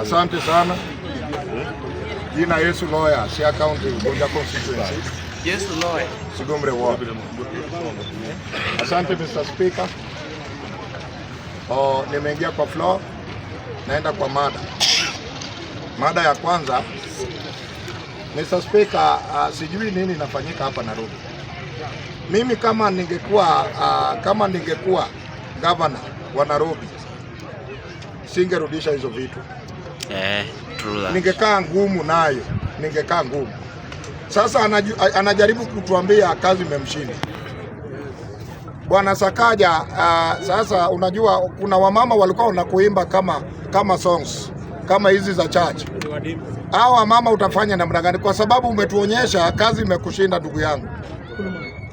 Asante sana. Jina Yesu Loya, Siaya County, Ugunja constituency. Yesu Loya, Sigombe ward. Asante Mr. Speaker. Oh, nimeingia kwa floor, naenda kwa mada. Mada ya kwanza Mr. Speaker, uh, sijui nini inafanyika hapa Nairobi. Mimi kama ningekuwa uh, kama ningekuwa governor wa Nairobi singerudisha hizo vitu eh, ningekaa ngumu nayo, ningekaa ngumu. Sasa anaju, anajaribu kutuambia kazi imemshinda Bwana Sakaja. Uh, sasa unajua kuna wamama walikuwa wanakuimba kama kama songs kama hizi za church. Hao wamama utafanya namna gani? Kwa sababu umetuonyesha kazi imekushinda ndugu yangu.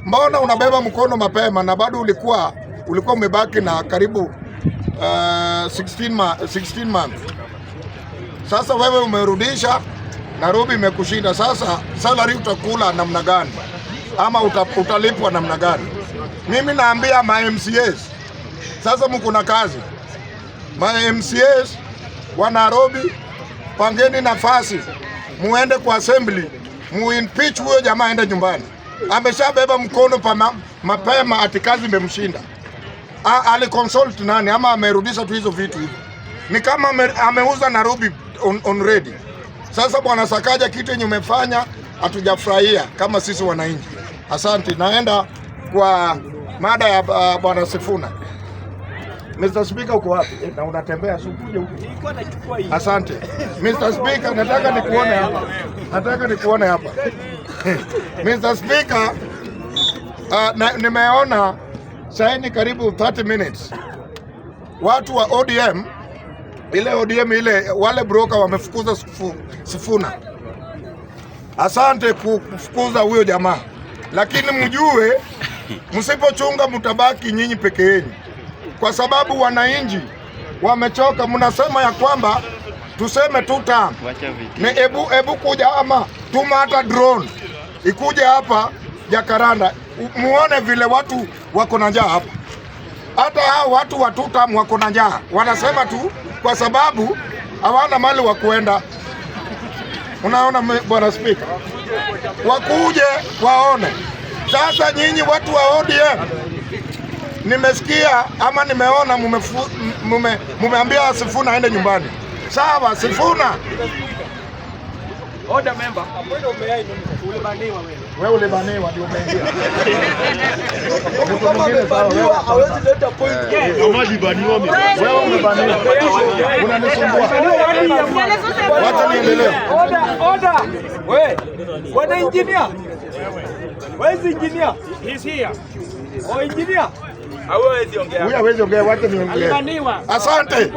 Mbona unabeba mkono mapema na bado ulikuwa ulikuwa umebaki na karibu uh, 16 16 months. Sasa wewe umerudisha Nairobi imekushinda sasa, salary utakula namna gani? Ama utalipwa namna gani? Mimi naambia ma MCAs sasa, mko na kazi ma MCAs wa Nairobi, pangeni nafasi muende kwa assembly muimpeach huyo jamaa aende nyumbani. Ameshabeba mkono pa mapema, ati kazi imemshinda aliconsult nani ama amerudisha tu hizo vitu hivyo? Ni kama ameuza Nairobi on, on ready. Sasa bwana Sakaja, kitu yenye umefanya hatujafurahia kama sisi wananchi. Asante, naenda kwa mada ya uh, bwana Sifuna. Mr. Speaker uko wapi? Eh, na unatembea ukuje huko. Asante. Mr. Speaker nataka nikuone hapa. Nataka nikuone hapa. Mr. Speaker, uh, nimeona saini karibu 30 minutes, watu wa ODM ile ODM ile wale broker wamefukuza Sifuna. Asante kufukuza huyo jamaa, lakini mjue msipochunga mtabaki nyinyi peke yenu, kwa sababu wananchi wamechoka. Mnasema ya kwamba tuseme tu tam ni ebu, ebu kuja ama tuma hata drone ikuja hapa Jakaranda, muone vile watu wako na njaa hapa. Hata hao watu wa Tutam wako na njaa, wanasema tu kwa sababu hawana mali wa kuenda. Unaona bwana Spika, wakuje waone. Sasa nyinyi watu wa ODM nimesikia ama nimeona mume, mumeambia Sifuna aende nyumbani. Sawa, Sifuna. Order member wewe ule bane ndio umeingia. Kama umebaniwa hawezi leta point. Kama eh, ulibaniwa mimi. Wewe umebaniwa. Unanisumbua. Wacha niendelee. Order, order. Wewe. Bwana engineer. Where's engineer? He's here. Oh engineer. Hawezi ongea. wacha niongee. Asante.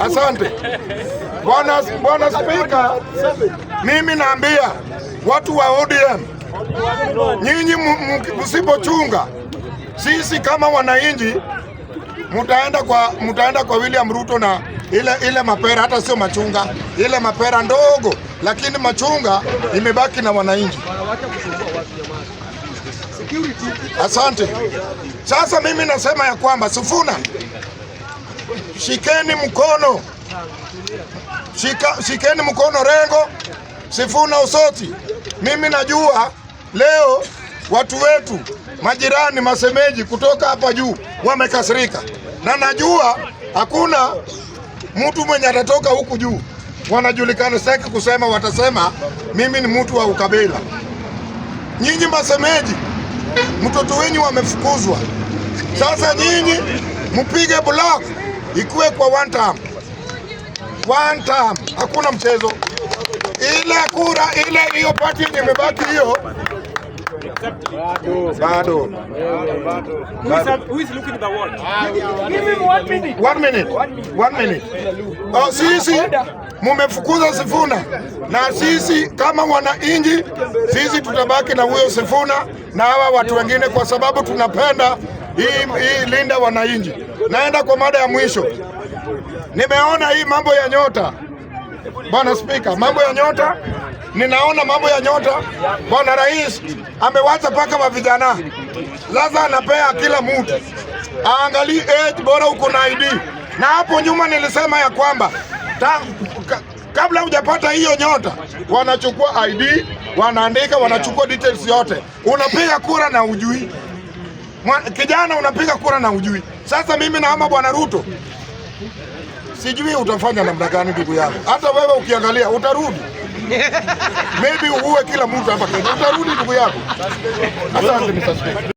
Asante. Bwana Bwana Spika, mimi naambia watu wa ODM Nyinyi msipochunga, sisi kama wananchi mutaenda kwa, mtaenda kwa William Ruto na ile, ile mapera hata sio machunga, ile mapera ndogo, lakini machunga imebaki na wananchi. Asante. Sasa mimi nasema ya kwamba Sifuna, shikeni mkono Shika, shikeni mkono Rengo, Sifuna Usoti. Mimi najua Leo watu wetu majirani, masemeji kutoka hapa juu wamekasirika, na najua hakuna mtu mwenye atatoka huku juu, wanajulikana. Sitaki kusema, watasema mimi ni mtu wa ukabila. Nyinyi masemeji, mtoto wenyu wamefukuzwa. Sasa nyinyi mpige block ikuwe kwa one time. One time, hakuna mchezo. Ile kura ile hiyo pati imebaki hiyo bado. sisi mumefukuza Sifuna na sisi kama wananchi sisi tutabaki na huyo Sifuna na hawa watu wengine, kwa sababu tunapenda hii, hii linda wananchi. Naenda kwa mada ya mwisho, nimeona hii mambo ya nyota, Bwana Spika, mambo ya nyota ninaona mambo ya nyota. Bwana Rais amewacha paka mavijana, sasa anapea kila mtu aangalie age, bora uko na ID. Na hapo nyuma nilisema ya kwamba ta, ka, kabla hujapata hiyo nyota wanachukua ID, wanaandika, wanachukua details yote. Unapiga kura na ujui, kijana, unapiga kura na ujui. Sasa mimi naomba Bwana Ruto sijui utafanya namna gani ndugu yangu. Hata wewe ukiangalia utarudi maybe uwe kila mtu hapa Kenya utarudi ndugu yangu. Asante.